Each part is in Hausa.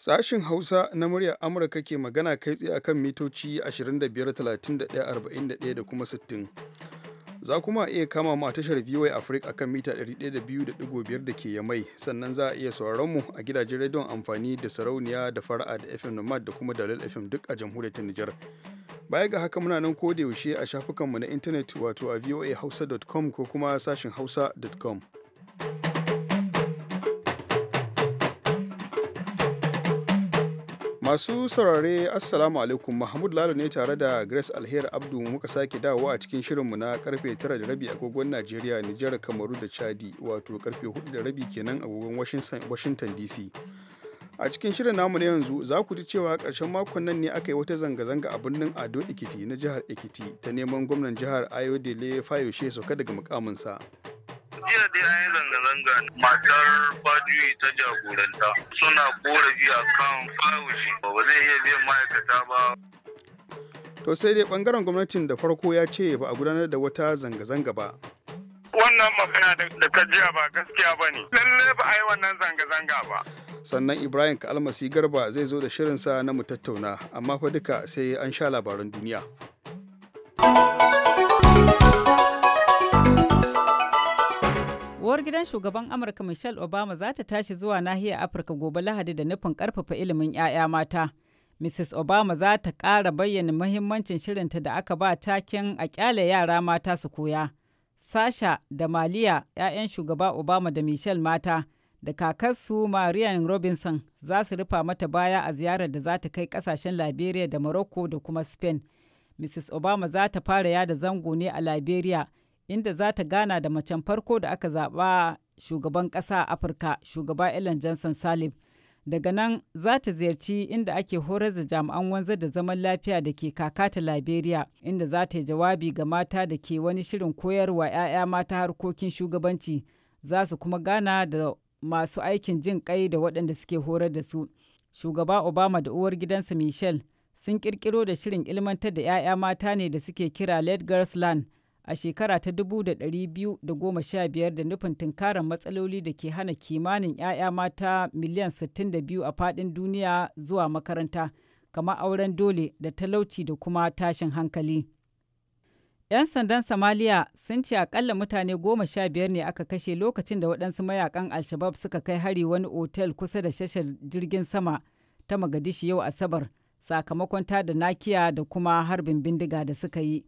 Sashin Hausa na muryar Amurka ke magana kai tsaye akan mitoci 25, 31, 41 da kuma 60. za kuma iya kama mu a tashar VOA Africa akan mita 102.5 da ke Yamai sannan za a iya sauraron mu a gidajen rediyon amfani da sarauniya da fara'a da FM Nomad da kuma Dalil FM duk a jamhuriyar ta Nijar. Baya ga haka muna nan koda yaushe a shafukanmu na intanet wato a voahausa.com ko kuma sashin hausa.com. Masu saurare Assalamu alaikum Mahmud Lalo ne tare da Grace alheri Abdu muka sake dawo a cikin shirinmu na karfe 9 da rabi agogon Najeriya, Nijar, Kamaru da Chadi wato karfe 4 da rabi kenan agogon Washington DC. A cikin shirin namu na yanzu za ku ji cewa karshen makon nan ne aka yi wata zanga-zanga a birnin Ado Ekiti na jihar Ekiti ta neman gwamnan jihar Ayodele Fayoshe sauka daga mukaminsa. jiya da an yi zanga-zanga matar fajiyoyi ta jagoranta suna korafi a kan fawushi ba zai iya biyan ma'aikata ba to sai dai bangaren gwamnatin da farko ya ce ba a gudanar da wata zanga-zanga ba wannan magana da ka jiya ba gaskiya ba ne lalle ba a yi wannan zanga-zanga ba sannan ibrahim kalmasi garba zai zo da shirinsa na mu tattauna amma fa duka sai an sha labaran duniya uwar gidan shugaban amurka michelle obama za ta tashi zuwa nahiyar afirka gobe lahadi da nufin karfafa ilimin 'ya'ya mata mrs obama za ta ƙara bayyana mahimmancin shirinta da aka ba takin a kyale yara mata su koya sasha da maliya 'ya'yan shugaba obama da michelle mata da kakarsu marian robinson za su rufa mata baya a ziyarar da za ta kai ƙasashen liberia da morocco da kuma spain mrs obama za ta fara yada zango ne a liberia inda za ta gana da macen farko da aka zaɓa shugaban ƙasa a Afirka, shugaba Ellen Johnson Salib. Daga nan za ta ziyarci inda ake horar da jami'an wanzar da zaman lafiya da ke kaka ta Liberia, inda za ta yi jawabi ga mata da ke wani shirin koyarwa 'ya'ya mata harkokin shugabanci, za su kuma gana da masu aikin jin kai da waɗanda suke horar da su. Shugaba Obama da uwar gidansa Michelle sun ƙirƙiro da shirin ilmantar da 'ya'ya mata ne da suke kira Let Girls land. a shekara ta 2015 da nufin tunkarar matsaloli da ke hana kimanin 'ya'ya mata miliyan 62 a faɗin duniya zuwa makaranta kama auren dole da talauci da kuma tashin hankali. 'Yan sandan Somalia sun ce akalla mutane goma sha biyar ne aka kashe lokacin da waɗansu mayakan Alshabab suka kai hari wani otel kusa da shashar jirgin sama ta Magadishi yau Asabar sakamakon ta tada nakiya da kuma harbin bindiga da suka yi.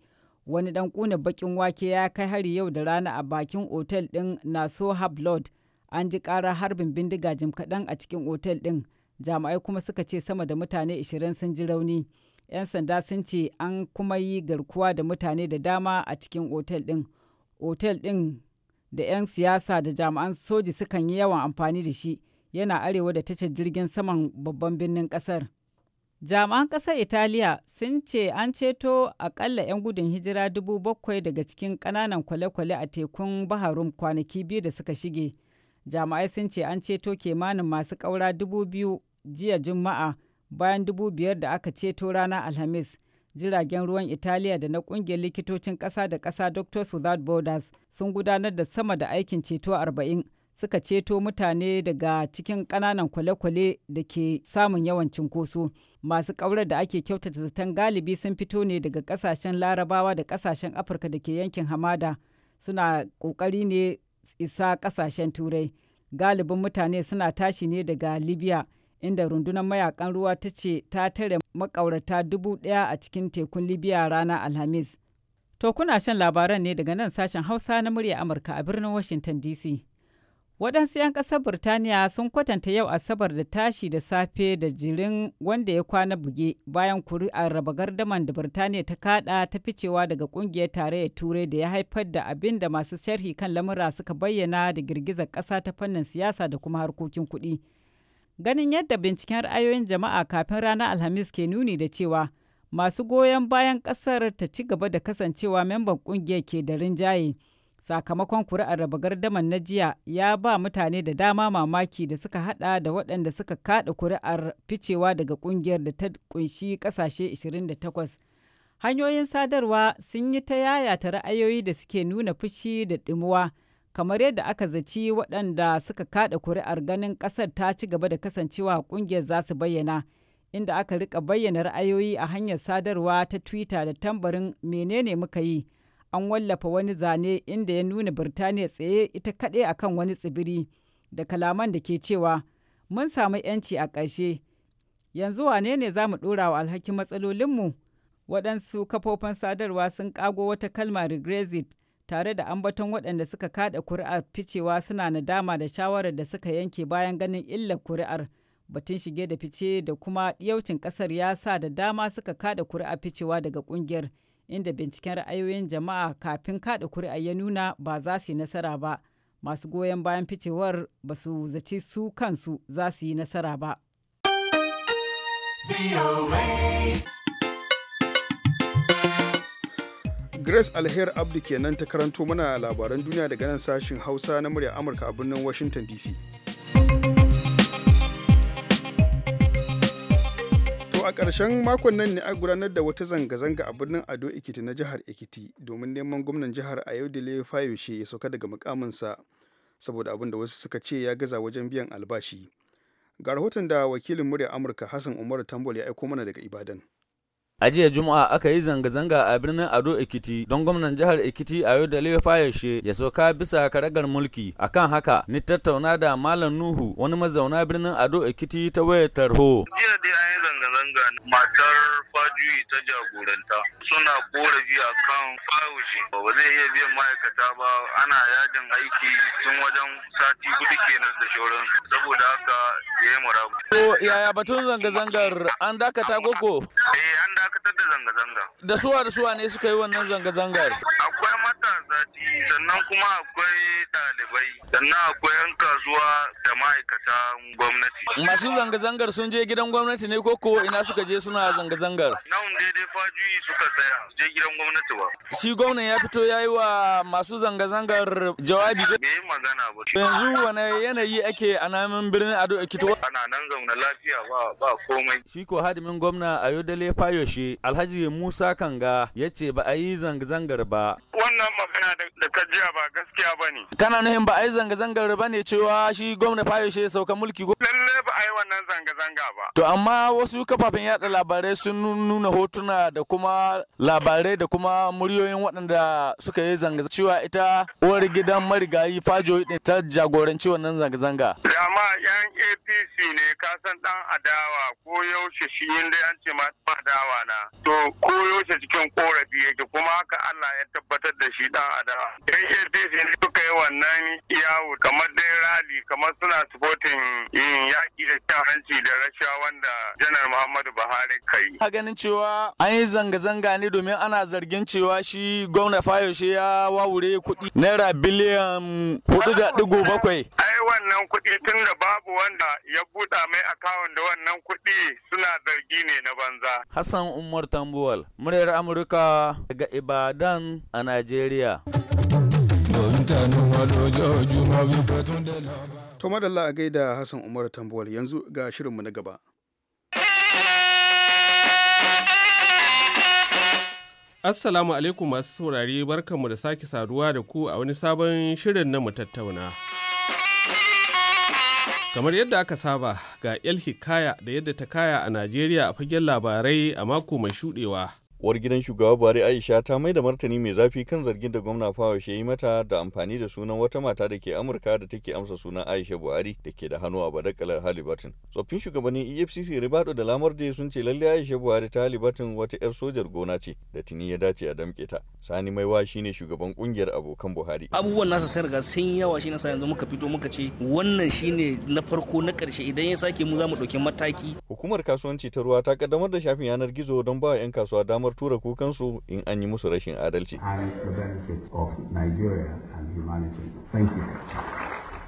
wani dan kuna bakin wake ya kai hari yau da rana a bakin otel din naso hablod an ji kara harbin bindiga jim kaɗan a cikin otel din jami'ai kuma suka ce sama da mutane 20 sun ji rauni 'yan sanda sun ce an kuma yi garkuwa da mutane da dama a cikin otel din otel din da 'yan siyasa da jami'an soji sukan yi yawan amfani da shi yana arewa da tashar jirgin saman babban birnin kasar. Jami'an ƙasar Italiya sun ce an ceto akalla 'yan gudun hijira dubu bakwai daga cikin ƙananan kwale-kwale a tekun Baharum kwanaki biyu da suka shige. Jami'ai sun ce an ceto kimanin masu ƙaura dubu biyu jiya Juma'a bayan dubu biyar da aka ceto ranar Alhamis. Jiragen ruwan Italiya da na ƙungiyar likitocin ƙasa da ƙasa Doctors Without Borders sun gudanar da sama da aikin ceto arba'in. suka ceto mutane daga cikin ƙananan kwale-kwale da ke samun yawan cinkoso. Masu ƙaurar da ake kyautata zaton galibi sun fito ne daga ƙasashen larabawa da kasashen Afirka da ke yankin hamada suna ƙoƙari ne isa ƙasashen turai. Galibin mutane suna tashi ne daga Libya inda rundunar mayakan ruwa ta ce ta tare makaurata dubu ɗaya a cikin tekun Libya rana Alhamis. To kuna shan labaran ne daga nan sashen Hausa na murya Amurka a birnin Washington DC. Waɗansu 'yan ƙasar Birtaniya sun kwatanta yau Asabar da tashi da safe da jirin wanda ya kwana buge bayan kuri'ar raba gardaman da Birtaniya ta kada ta ficewa daga ƙungiyar tarayyar Turai da ya haifar da abin da masu sharhi kan lamura suka bayyana da girgizar ƙasa ta fannin siyasa da kuma harkokin kuɗi. Ganin yadda binciken ra'ayoyin jama'a kafin ranar Alhamis ke nuni da cewa masu goyon bayan ƙasar ta ci gaba da kasancewa memban ƙungiyar ke da rinjaye. sakamakon kuri'ar raba gardamar na jiya ya ba mutane da dama mamaki da suka hada da waɗanda suka kaɗa kuri'ar ficewa daga ƙungiyar da ta kunshi ƙasashe 28 hanyoyin sadarwa sun yi ta yaya ta ra'ayoyi da suke nuna fushi da ɗimuwa kamar yadda aka zaci waɗanda suka kaɗa kuri'ar ganin ƙasar ta ci gaba da kasancewa ƙungiyar za su bayyana inda aka rika bayyana ra'ayoyi a hanyar sadarwa ta twitter da tambarin menene muka yi an wallafa wani zane inda ya nuna Birtaniya tsaye ita kaɗai akan wani tsibiri da kalaman da ke cewa mun samu 'yanci a ƙarshe. Yanzu wane ne za mu ɗora wa alhakin matsalolinmu? Waɗansu kafofin sadarwa sun ƙago wata kalma regressive tare da ambaton waɗanda suka kaɗa kuri'ar ficewa suna nadama da shawarar da suka yanke bayan ganin illar kuri'ar. Batun shige da fice da kuma yaucin ƙasar ya sa da dama suka kaɗa kuri'ar ficewa daga ƙungiyar. inda binciken ra'ayoyin jama'a kafin kada kuri'a ya nuna ba za su yi nasara ba masu goyon bayan ficewar ba su zaci su kansu za su yi nasara ba. Grace Alher Abdi kenan ta karanto mana labaran duniya daga nan sashin Hausa na murya Amurka a birnin Washington DC. a ƙarshen makon nan ne a gudanar da wata zanga-zanga a birnin Ado ikiti na jihar ikiti domin neman gwamnan jihar a yau da Fayoshe ya sauka daga mukaminsa saboda abin da wasu suka ce ya gaza wajen biyan albashi. Ga rahoton da wakilin murya Amurka Hassan Umaru Tambol ya aiko mana daga Ibadan. a jiya juma'a aka yi zanga-zanga a birnin ado ekiti don gwamnan jihar ekiti a yau da fayashe ya sauka bisa karagar mulki akan haka ni tattauna da malam nuhu wani mazauna birnin ado ekiti ta wayar tarho zanga matar fajuyi ta jagoranta suna korafi a kan fawushi ba zai iya biyan ma'aikata ba ana yajin aiki tun wajen sati hudu kenan da shoron saboda haka ya yi murabu. ko yaya batun zanga-zangar an dakata koko? eh an dakatar da zanga-zanga. da suwa da suwa ne suka yi wannan zanga-zangar? akwai matasa sannan kuma akwai ɗalibai sannan akwai 'yan kasuwa da ma'aikatan gwamnati. masu zanga-zangar sun je gidan gwamnati ne koko ina suka je suna zanga-zangar? Nan daidai fajuyi suka tsaya, je gidan gwamnati ba. Shi gwamnan ya fito ya yi wa masu zanga-zangar jawabi. Me yi magana ba. Yanzu wani yanayi ake a namin birnin Ado Ekiti? Ana nan zauna lafiya ba ba komai. Shi ko hadimin gwamna Ayodele Fayoshe Alhaji Musa Kanga ya ce ba a yi zanga-zangar ba. Wannan magana da ka jiya ba gaskiya ba ne. Kana nuhin ba a yi zanga-zangar ba ne cewa shi gwamna Fayoshe sauka mulki. Lallai lalle ba a yi wannan zanga-zanga ba. To amma wasu kafafen yada labarai sun nuna hotuna da kuma labarai da kuma muryoyin waɗanda suka yi zanga cewa ita uwar gidan marigayi fajo din ta jagoranci wannan zanga-zanga. Dama eh, yan APC ne kasan dan adawa ko yaushe shi inda yan ce ma adawa na. To ko yaushe cikin korafi yake kuma haka Allah ya tabbatar da shi dan adawa. Yan APC ne suka yi wannan yawo kamar dai rali kamar suna supporting yaƙi da cin hanci da rashawa wanda janar Muhammadu Buhari kai. A ganin cewa an yi zanga-zanga ne domin ana zargin cewa shi gwamna shi ya wawure kuɗi naira biliyan hudu da ɗigo bakwai. Ai wannan kuɗi tun da babu wanda ya buɗa mai akawun da wannan kuɗi suna zargi ne na banza. Hassan Umar Tambuwal, muryar Amurka daga Ibadan a Najeriya. Don ta nuna lójoojúmọ́ wípé tún dé lọ́ba. To madalla a gaida Hassan Umar Tambuwal yanzu ga shirinmu na gaba. Assalamu alaikum masu saurari barkanmu da sake saduwa da ku a wani sabon shirin na mu tattauna. Kamar yadda aka saba ga El Hikaya da yadda ta kaya a Najeriya a fagen labarai a mako mai shuɗewa. uwar gidan shugaba buhari aisha ta mai da martani mai zafi kan zargin da gwamna shi yi mata da amfani da sunan wata mata da ke amurka da take amsa sunan aisha buhari da ke da hannu a badakalar halibatin tsoffin shugabannin efcc ribado da lamar da sun ce lalle aisha buhari ta halibatin wata yar sojar gona ce da tuni ya dace a damke ta sani maiwa shine shugaban kungiyar abokan buhari abubuwan nasa sai riga sun yawa shine sa yanzu muka fito muka ce wannan shine na farko na karshe idan ya sake mu za mu ɗauki mataki hukumar kasuwanci ta ruwa ta kaddamar da shafin yanar gizo don ba 'yan kasuwa damar kafar tura kukansu in an yi musu rashin adalci.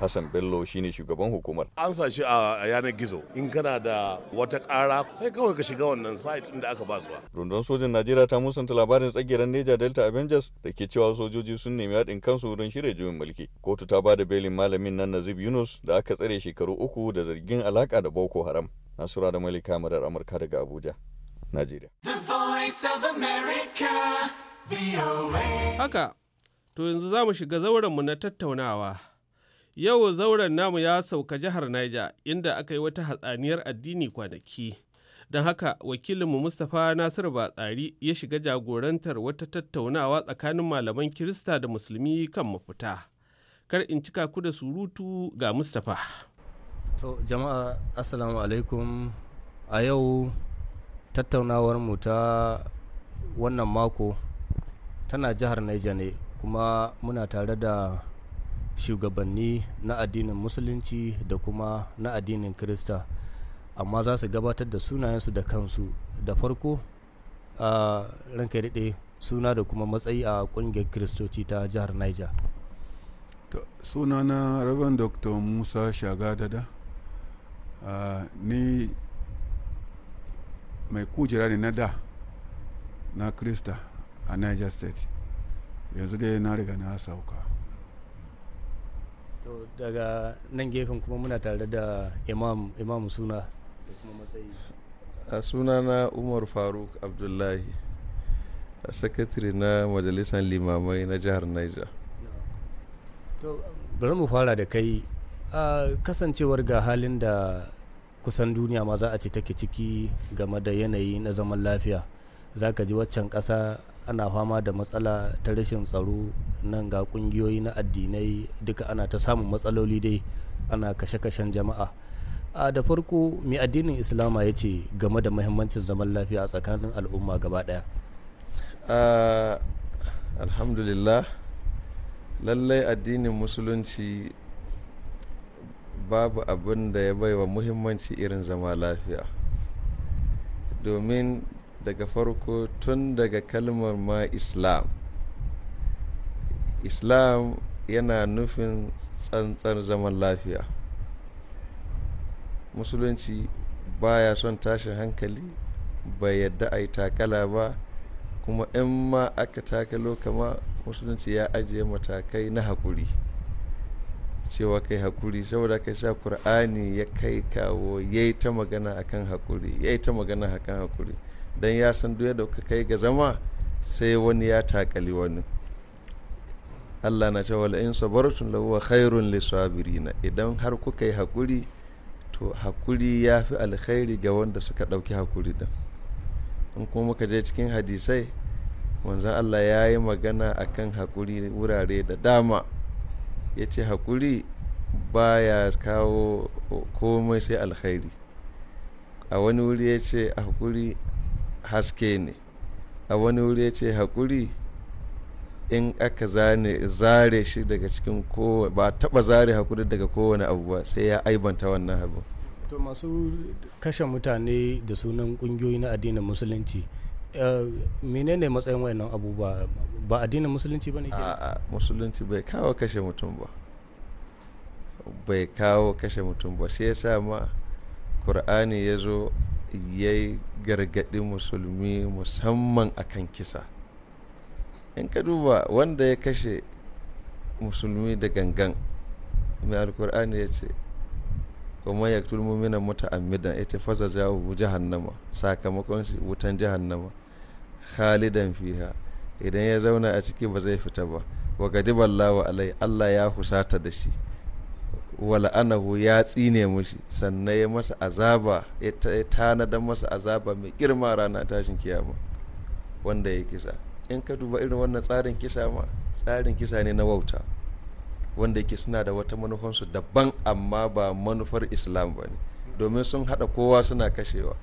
Hassan Bello shi ne shugaban hukumar. An sa shi a yanar gizo in kana da wata ƙara sai kawai ka shiga wannan site inda aka ba su ba. Rundun sojin Najeriya ta musanta labarin tsagiran Neja Delta Avengers da ke cewa sojoji sun nemi haɗin kansu don shirya juyin mulki. Kotu ta bada belin malamin nan Nazib Yunus da aka tsare shekaru uku da zargin alaka da Boko Haram. Nasura da Malika Madar Amurka daga Abuja, Najeriya. Voice of America, VOA. Haka, to yanzu za mu shiga zaurenmu na tattaunawa. Yau zauren namu ya sauka jihar Niger inda aka yi wata hatsaniyar addini kwanaki. Don haka wakilinmu Mustapha Nasiru Batsari ya shiga jagorantar wata tattaunawa tsakanin malaman Kirista da Musulmi kan mafita. Kar in cika ku da surutu ga Mustapha. To jama'a Assalamu alaikum a yau tattaunawar mu ta wannan mako tana jihar Niger ne kuma muna tare da shugabanni na addinin musulunci da kuma na addinin krista amma za su gabatar da sunayensu da kansu da farko a ranka daɗe suna da kuma matsayi a ƙungiyar kiristoci ta jihar niger sunana reverend dr musa shagadada ni mai kujera ne na da na krista a niger state yanzu dai na riga na sauka to daga nan gefen kuma muna tare da imam imam suna da kuma matsayi a suna na umar faruk abdullahi a sakatari na majalisar limamai na jihar niger to bari mu fara da kai kasancewar ga halin da kusan duniya ma za a ce take ciki game da yanayi na zaman lafiya za ka ji waccan ƙasa ana fama da matsala ta rashin tsaro nan ga ƙungiyoyi na addinai duka ana ta samun matsaloli dai ana kashe-kashen jama'a a da farko mai addinin islama ya ce game da mahimmancin zaman lafiya a tsakanin al'umma gaba ɗaya alhamdulillah lallai addinin musulunci babu abin da ya baiwa muhimmanci irin zama lafiya domin daga farko tun daga kalmar ma islam islam yana nufin tsantsar zaman lafiya musulunci baya son tashin hankali bai yadda a yi takala ba kuma in ma aka takalo kama musulunci ya ajiye matakai na haƙuri cewa kai hakuri saboda kai sa kur'ani ya kai kawo ya ta magana akan hakuri ya ta magana akan hakuri don ya san duk yadda kai ga zama sai wani ya takali wani Allah na cewa in sabartun lawa khairun lisabirina idan har kuka yi hakuri to hakuri ya fi alkhairi ga wanda suka dauki hakuri din in kuma muka je cikin hadisai manzon Allah ya yi magana akan hakuri wurare da dama ya ce haƙuri baya kawo komai sai alkhairi a wani wuri ya ce haƙuri haske ne a wani wuri ya ce haƙuri in aka zare shi daga cikin kowane ba taɓa zare haƙuri daga kowane abu ba sai ya aibanta wannan abu to masu kashe mutane da sunan ƙungiyoyi na addinin musulunci eh, menene matsayin wayannan abubuwa ba addinin musulunci ba ne ke a musulunci bai kawo kashe mutum ba bai kawo kashe mutum ba shi yasa ma kur'ani ya zo ya yi gargaɗi musulmi musamman akan kisa in ka duba wanda ya kashe musulmi da gangan mai alkur'ani ya ce kuma ya tulmu minan muta amidan ita fasa jawo jahannama sakamakon shi wutan jahannama khalidan fiha idan ya zauna a ciki ba zai fita ba wa gadiballahu alai Allah ya husata da shi Wal'anahu ya tsine mushi sannan ya masa azaba ya tanadar masa azaba mai girma rana tashin kiyama wanda ya kisa in ka duba irin wannan tsarin kisa ma tsarin kisa ne na wauta wanda yake suna da wata manufansu daban amma ba manufar islam ba ne domin sun haɗa kowa suna kashewa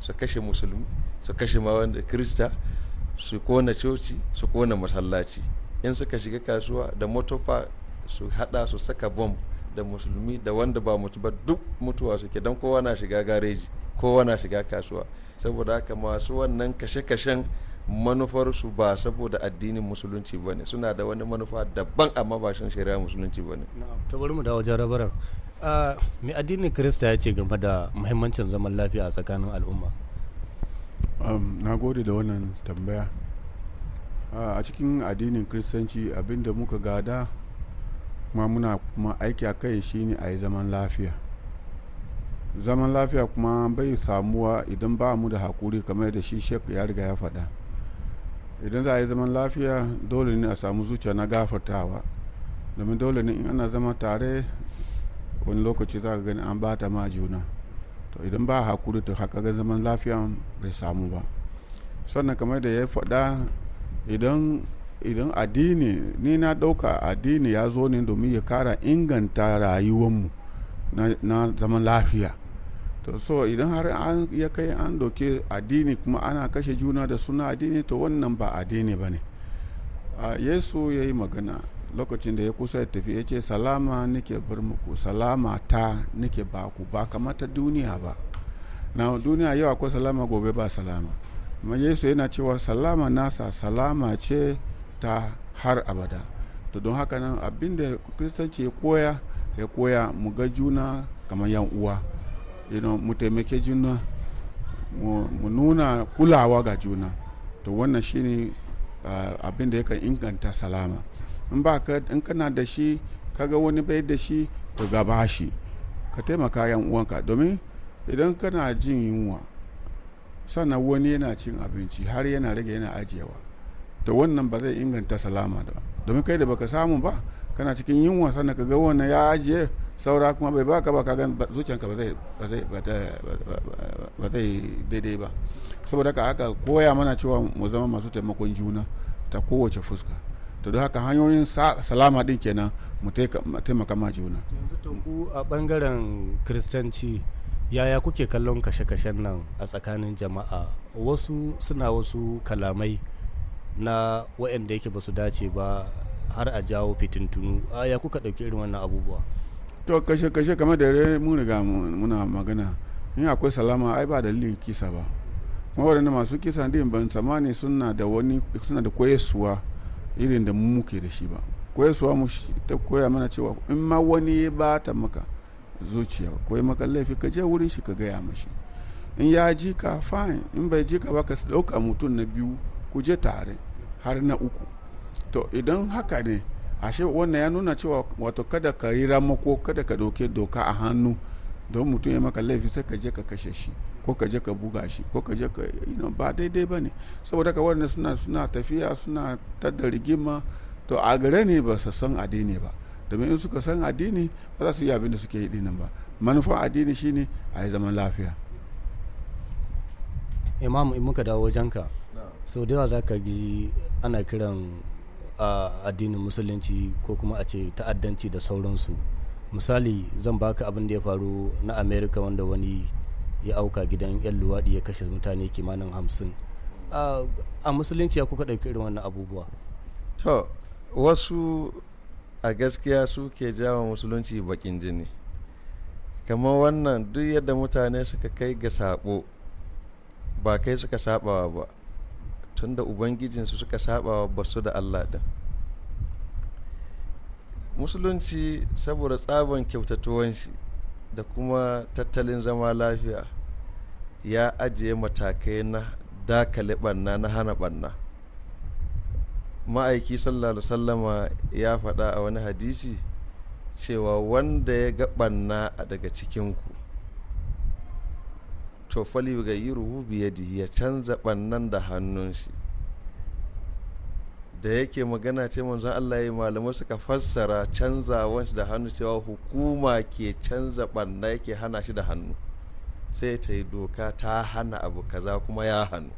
su kashe musulmi su kashe ma wanda krista su kona coci su kona masallaci in suka shiga kasuwa da motofa su hada su saka bomb da musulmi da wanda ba mutu ba duk mutuwa suke don kowa na shiga gareji kowa na shiga kasuwa saboda haka masu wannan kashe-kashen su ba saboda addinin musulunci ba suna da wani manufa daban amma ba shan shari'a musulunci ba ne ta bari mu wajen ah, mai addinin kirista ya ce game da muhimmancin zaman lafiya a tsakanin al'umma um, na gode da wannan tambaya a cikin addinin kristanci abinda muka gada kuma muna kuma aiki a kai shine a yi zaman lafiya zaman lafiya kuma bai samuwa idan ba mu da hakuri kamar da shi shek ya riga ya faɗa idan za a yi zaman lafiya dole ne a samu zuciya na gafartawa domin dole ne in ana zama tare wani lokaci za ka gani an bata ma juna to idan ba hakuri to haka ga zaman lafiya bai samu ba sannan kamar da ya faɗa idan idan addini ni na ɗauka addini ya zo ne domin ya kara inganta rayuwanmu na zaman lafiya to so idan har an ya kai an doke addini kuma ana kashe juna da suna addini to wannan ba addini ba ne yesu ya yi magana lokacin da ya kusa ya tafi ya ce salama nake bar muku salama ta nake ba ku ba kamata duniya ba na duniya yau akwai salama gobe ba salama amma yesu yana cewa salama nasa salama ce ta har abada to don haka nan abin da kristanci ya koya ya koya mu ga juna kamar yan uwa mu taimake juna mu nuna kulawa ga juna to wannan shine abinda ah, abin da yakan inganta salama in ba ka in kana da shi kaga wani bai da shi to ga shi ka taimaka yan uwanka domin idan kana jin yunwa sannan wani yana cin abinci har yana rage yana ajiyewa to wannan ba zai inganta salama da domin kai da baka samu ba kana cikin yunwa sannan ka ga wannan ya ajiye saura kuma bai baka ba gan zuciyanka ba zai daidai ba saboda haka aka koya mana cewa mu zama masu taimakon juna ta kowace fuska to don haka hanyoyin salama din kenan mu taimaka ma juna yanzu to ku a bangaren kiristanci yaya kuke kallon kashe-kashen nan a tsakanin jama'a wasu suna wasu kalamai na waɗanda yake ba su dace ba har a jawo fitintunu ya kuka ɗauki irin wannan abubuwa to kashe-kashe kamar da mun riga muna magana in akwai salama ai ba dalilin kisa ba kuma waɗanda masu kisa din ban tsammani suna da wani suna da koyarsuwa irin da muke da shi ba suwa mu ta koya mana cewa in ma wani ya bata maka zuciya koyi maka laifi ka je wurin shi ka gaya mashi in ya ji ka fine in bai ji ka ba ka dauka mutum na biyu ku je tare har na uku to idan haka ne ashe wannan ya nuna cewa wato kada ka yi ramako kada ka doke doka a hannu don mutum ya maka laifi sai ka je ka kashe shi ko ka je ka buga shi ko ka je ka ba daidai ba ne saboda ka waɗanda suna suna tafiya suna tada rigima to a gare ne ba su san addini ba domin in suka san addini ba za su yi abin da suke yi dinin ba manufa addini shine a yi zaman lafiya imam in muka dawo wajenka sau da yawa za ka bi ana kiran addinin musulunci ko kuma a ce ta'addanci da sauransu misali zan baka abin da ya faru na america wanda wani ya auka gidan yan luwaɗi ya kashe mutane kimanin hamsin a musulunci ya kuka ɗauki irin wannan abubuwa to wasu a gaskiya su ke jawo musulunci bakin jini kamar wannan duk yadda mutane suka kai ga sabo ba kai suka sabawa ba tunda ubangijinsu suka sabawa ba su da allah din musulunci saboda tsaban kyautatuwan shi da kuma tattalin zama lafiya ya ajiye matakai na dakale banna na hana banna ma'aiki sallallahu sallama ya faɗa a wani hadisi cewa wanda ya ga banna a daga cikinku to fali ga yi biyadihi ya canza bannan da hannun shi da yake magana ce manzon Allah ya malamai suka fassara canzawan shi da hannu cewa hukuma ke canza banna yake hana shi da hannu sai ta yi doka ta hana abu kaza kuma ya hannu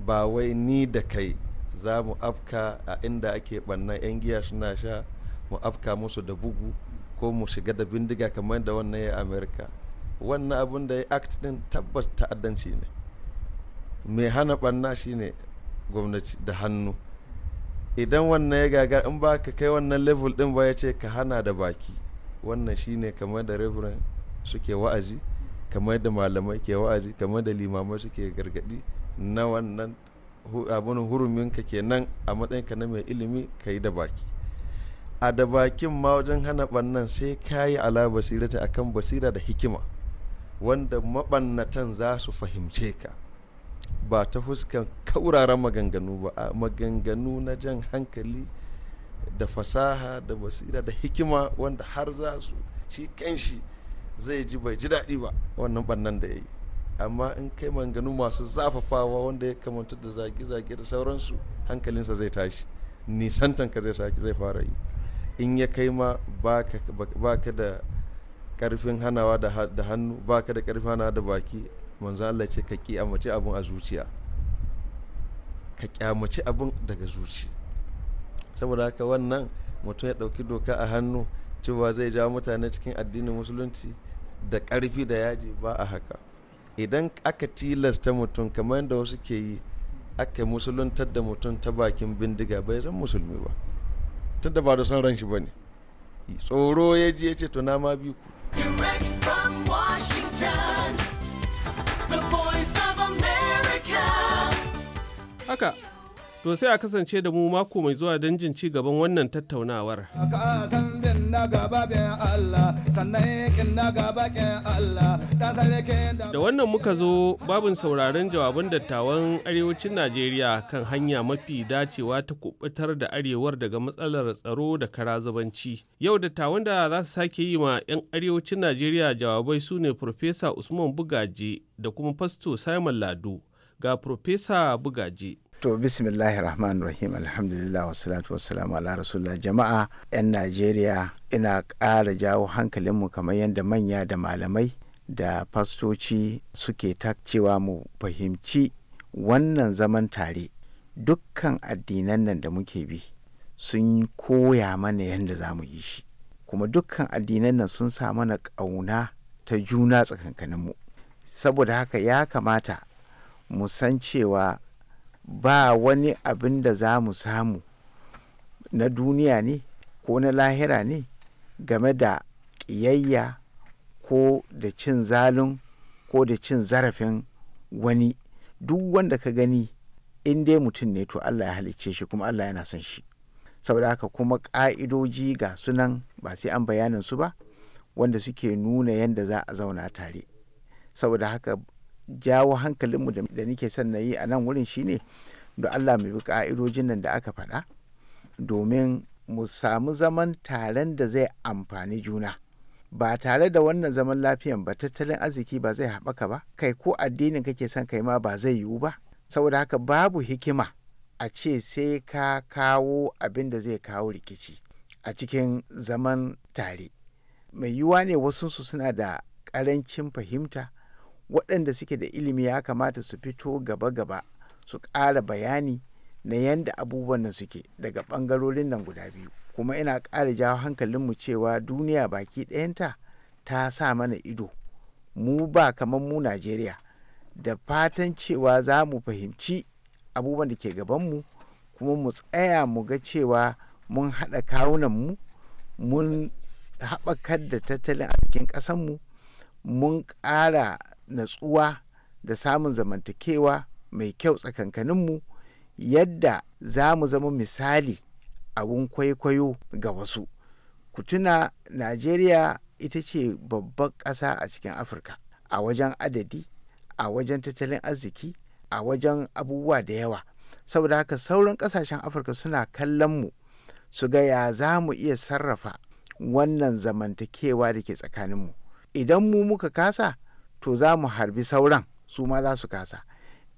ba wai ni da kai za mu afka a inda ake bannan 'yan giya suna sha mu afka musu da bugu ko mu shiga da bindiga kamar da wannan ya amerika wannan abin da ya act din tabbas ta'addanci ne mai hana ɓanna shine gwamnati da hannu idan wannan ya gagar in ba ka kai wannan level din ba ya ce ka hana da baki wannan shine kamar da reverend suke wa'azi kamar yadda malamai ke wa'azi kamar da limamai suke gargadi na wannan abin huruminka kenan a matsayinka na mai ilimi ka yi da baki a da bakin ma wajen hana bannan sai ka yi ala basirata akan basira da hikima wanda mabannatan za su fahimce ka ba ta fuskan kauraran maganganu ba a maganganu na jan hankali da fasaha da basira da hikima wanda har za su shi kanshi zai ji bai ji daɗi ba wannan bannan da ya yi amma in kai manganu masu zafafawa wanda ya kamanta da zage-zage da sauransu hankalinsa zai tashi nisantan zai sake zai fara yi in ya kai ma ba ka da karfin hanawa da hannu ba ka da karfin hanawa da baki manzan Allah ce ka kyamace abin a zuciya ka kyamace abin daga zuci saboda haka wannan mutum ya ɗauki doka a hannu cewa zai jawo mutane cikin addinin musulunci da ƙarfi da yaji ba a haka idan aka tilasta mutum kamar yadda wasu ke yi aka musuluntar da mutum ta bakin bindiga bai zan musulmi ba tun da ba da son ranshi ba ne tsoro ya ji ya ce to ma bi ku haka To sai a kasance da mu mako mai zuwa don jin ci gaban wannan tattaunawar. Da wannan muka zo babin sauraron jawaban dattawan arewacin Najeriya kan hanya mafi dacewa ta kubutar da arewar daga matsalar tsaro da karazubanci Yau dattawan da za su sake yi ma 'yan arewacin Najeriya jawabai su ne Profesa Usman Bugaje da kuma Fasto Simon Lado ga Profesa Bugaje. To bismillahir rahmanir rahim alhamdulillah wassalatu wassalamu ala rasulullah jama'a 'yan Najeriya ina ƙara jawo hankalinmu kamar yadda manya da malamai da fastoci suke ta cewa mu fahimci wannan zaman tare dukkan addinan nan da muke bi sun koya mana yadda za mu yi shi kuma dukkan addinan nan sun sa mana ƙauna ta juna mu. saboda haka ya kamata mu san cewa ba wani abin da za mu samu na duniya ne ko na lahira ne game da ƙiyayya ko da cin zalun ko da cin zarafin wani duk wanda ka gani in dai mutum ne to Allah ya halicce shi kuma Allah yana son shi saboda haka kuma ƙa'idoji ga sunan ba sai an bayanin su ba wanda suke nuna yadda za a zauna tare saboda haka jawo hankalinmu da nike son na yi a nan wurin shine da Allah mai bi ka'idojin nan da aka faɗa domin mu samu zaman taren da zai amfani juna ba tare da wannan zaman lafiyan ba tattalin arziki ba zai haɓaka ba kai ko addinin kake son kai ma ba zai yiwu ba saboda haka babu hikima a ce sai ka kawo abin da zai kawo rikici a cikin zaman tare mai yiwuwa ne wasu suna da ƙarancin fahimta waɗanda suke da ilimi ya kamata su fito gaba-gaba su ƙara bayani na yadda abubuwan nan suke daga ɓangarorin nan guda biyu kuma ina ƙara jawo hankalinmu cewa duniya baki ɗayanta ta sa mana ido mu ba kamar mu najeriya da fatan cewa za mu fahimci abubuwan da ke gabanmu kuma mu tsaya mu ga cewa mun haɗa mu mun haɓakar da tattalin a arzikin ƙasanmu mun ƙara natsuwa da samun zamantakewa mai kyau tsakankaninmu yadda za mu zama misali abun kwaikwayo ga wasu ku tuna najeriya ita ce babban ƙasa a cikin afirka a wajen adadi a wajen tattalin arziki a wajen abubuwa da yawa saboda haka sauran ƙasashen afirka suna kallon mu su ga ya za mu iya sarrafa wannan zamantakewa da ke tsakaninmu idan mu muka kasa to za mu harbi sauran su ma za su kasa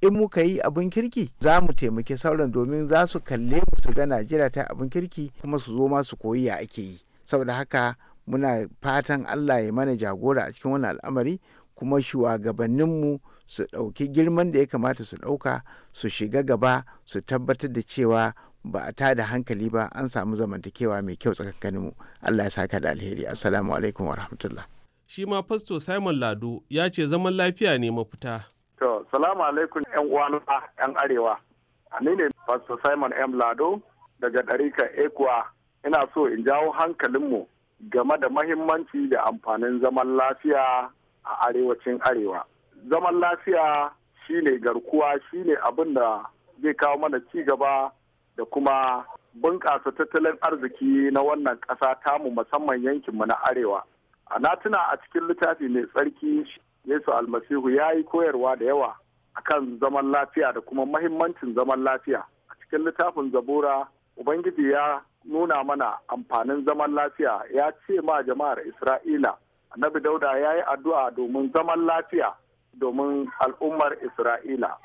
in muka yi abin kirki za mu taimaki sauran domin za su kalle mu su ga najeriya ta abin kirki kuma su zo ma su koyi ya ake yi saboda haka muna fatan allah ya mana jagora a cikin wannan al'amari kuma shugabanninmu su ɗauki girman da ya kamata su ɗauka su shiga gaba su tabbatar da cewa ba a tada hankali ba an samu zamantakewa mai kyau tsakankaninmu allah ya saka da alheri assalamu alaikum warahmatullah shi ma fasto Simon Lado ya ce zaman lafiya ne mafita. To, salamu alaikum ‘yan uwana ‘yan arewa. Ni ne fasto Simon M. Lado daga ɗarika Ekuwa ina so in jawo hankalinmu game da mahimmanci da amfanin zaman lafiya a arewacin arewa. Zaman lafiya shi ne garkuwa shi ne abin da zai kawo mana ci gaba da kuma bunƙasa tattalin arziki na wannan ƙasa tamu musamman yankinmu na arewa. na tuna a cikin littafi mai tsarki yesu almasihu ya yi koyarwa da yawa akan zaman lafiya da kuma mahimmancin zaman lafiya a cikin littafin zabura ubangiji ya nuna mana amfanin zaman lafiya ya ce ma jama'ar isra'ila annabi dauda ya yi addu'a domin zaman lafiya domin al'ummar isra'ila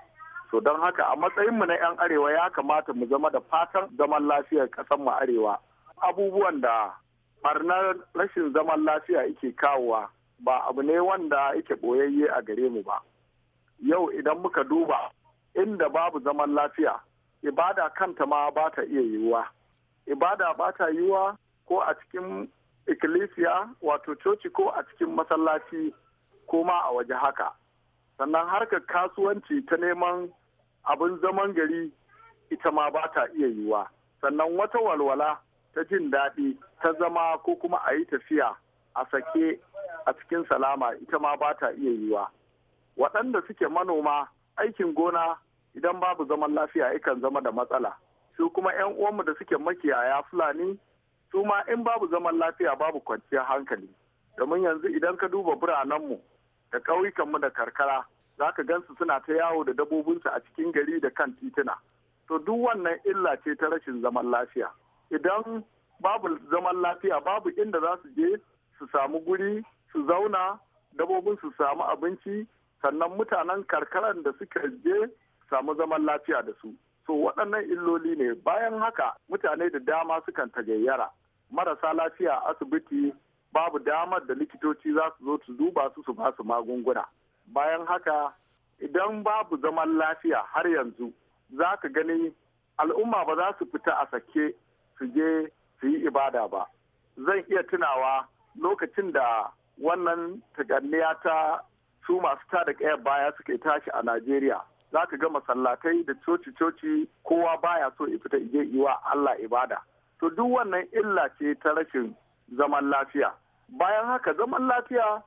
to don haka a matsayinmu na 'yan arewa ya kamata mu zama da fatan zaman lafiyar mu arewa abubuwan da barnar rashin zaman lafiya yake kawowa ba abu ne wanda yake boyayye a gare mu ba yau idan muka duba inda babu zaman lafiya ibada kanta ma ba ta iya yiwuwa ibada ba ta yiwuwa ko a cikin ikkilisiya wato coci ko a cikin masallaci ko ma a waje haka sannan harkar kasuwanci ta neman abin zaman gari ita ma ba ta iya yiwuwa sannan wata walwala ta jin daɗi ta zama ko kuma a yi tafiya a sake a cikin salama ita ma ba ta iya yiwa waɗanda suke manoma aikin gona idan babu zaman lafiya yakan zama da matsala su kuma 'yan uwanmu da suke makiyaya fulani su ma in babu zaman lafiya babu kwanciyar hankali domin yanzu idan ka duba biranenmu da ƙauyukanmu da karkara za ka gansu suna ta yawo da dabobinsu a cikin gari da kan tituna to duk wannan illa ce ta rashin zaman lafiya idan babu zaman lafiya babu inda za su je su samu guri su zauna dabobin su samu abinci sannan mutanen karkaran da suka je samu zaman lafiya da su so waɗannan illoli ne bayan haka mutane da dama sukan tagayyara marasa lafiya asibiti babu damar da likitoci za su zo su duba su su basu magunguna bayan haka idan babu zaman lafiya har yanzu za ka gani al'umma ba za su fita a sake su je su yi ibada ba zan iya tunawa lokacin da wannan taganniya ta su masu tada kayan baya suke tashi a najeriya za ka ga masallatai da coci-coci kowa baya so ya fita ije iwa allah ibada to duk wannan illa ce ta rashin zaman lafiya bayan haka zaman lafiya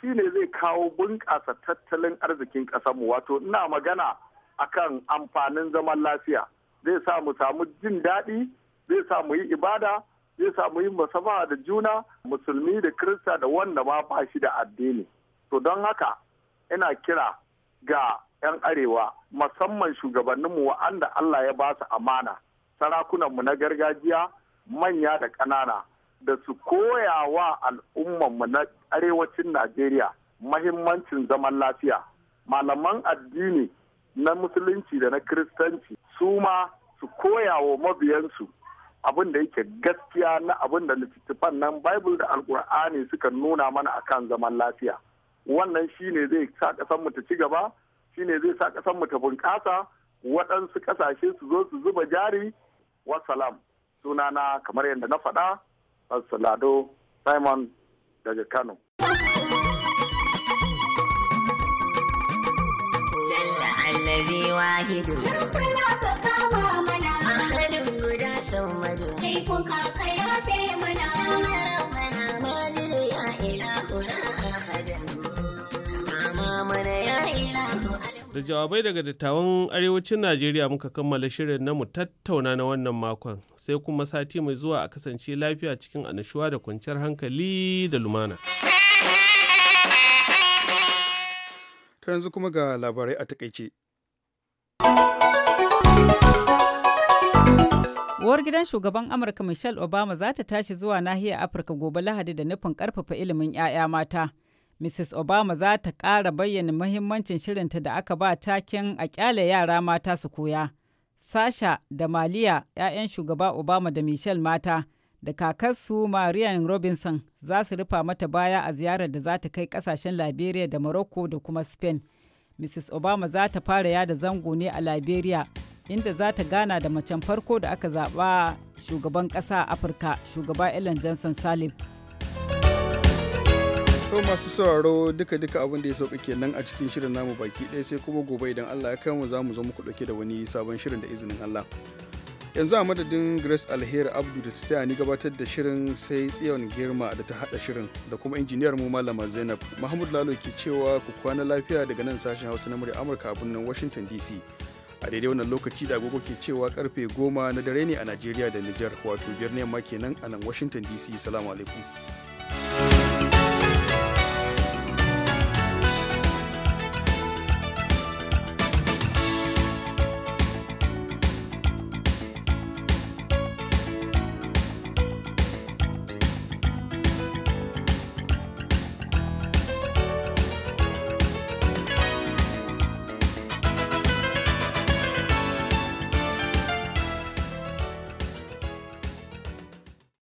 shi ne zai kawo bunƙasa tattalin arzikin ƙasarmu wato ina magana akan amfanin zaman lafiya zai sa mu samu jin daɗi zai sa mu yi ibada zai sa mu yi musafa da juna musulmi da kirista da wanda ma ba shi da addini to don haka ina kira ga 'yan arewa musamman shugabanninmu wa'anda Allah ya ba su amana sarakunanmu na gargajiya manya da ƙanana da su koya wa al'ummanmu na arewacin Najeriya mahimmancin zaman lafiya malaman addini na musulunci da na kiristanci su ma su koya wa mabiyansu abin da yake gaskiya na abin da littattafan nan bible da alkur'ani suka nuna mana akan zaman lafiya wannan shine zai sa kasan mu ta ci gaba shine zai sa kasan mu ta bunƙasa waɗansu ƙasashe su zo su zuba jari wasalam na kamar yadda na faɗa salado simon daga kano Jalla zai wahidu Da jawabai daga dattawan arewacin Najeriya muka kammala shirin na mu tattauna na wannan makon sai kuma sati mai zuwa a kasance lafiya cikin anashuwa da kwanciyar hankali da lumana. Ta yanzu kuma ga labarai a takaice. uwar gidan shugaban amurka michelle obama za ta tashi zuwa nahiyar afirka gobe lahadi da nufin karfafa ilimin 'ya'ya mata mrs obama za ta ƙara bayyana mahimmancin shirinta da aka ba takin a kyale yara mata su koya sasha da maliya 'ya'yan shugaba obama da michelle mata da kakarsu marian robinson za su rufa mata baya a ziyarar da za ta kai ƙasashen liberia da morocco da kuma spain mrs obama za ta fara yada zango ne a liberia inda za ta gana da macen farko da aka zaɓa shugaban kasa a Afirka, shugaba Ellen Johnson Salim. To masu sauraro duka-duka abin da ya sauka kenan a cikin shirin namu baki ɗaya sai kuma gobe idan Allah ya kama za mu zo muku ɗauke da wani sabon shirin da izinin Allah. Yanzu a madadin Grace Alheri Abdu da ta taya ni gabatar da shirin sai tsiyon girma da ta haɗa shirin da kuma injiniyar mu Malama Zainab. Mahmud Lalo ke cewa ku kwana lafiya daga nan sashen Hausa na murya Amurka a birnin Washington DC. a daidai wannan lokaci da agogo ke cewa karfe goma na dare ne a najeriya da nijar wato biyar ne yamma kenan a nan washington dc salamu alaikum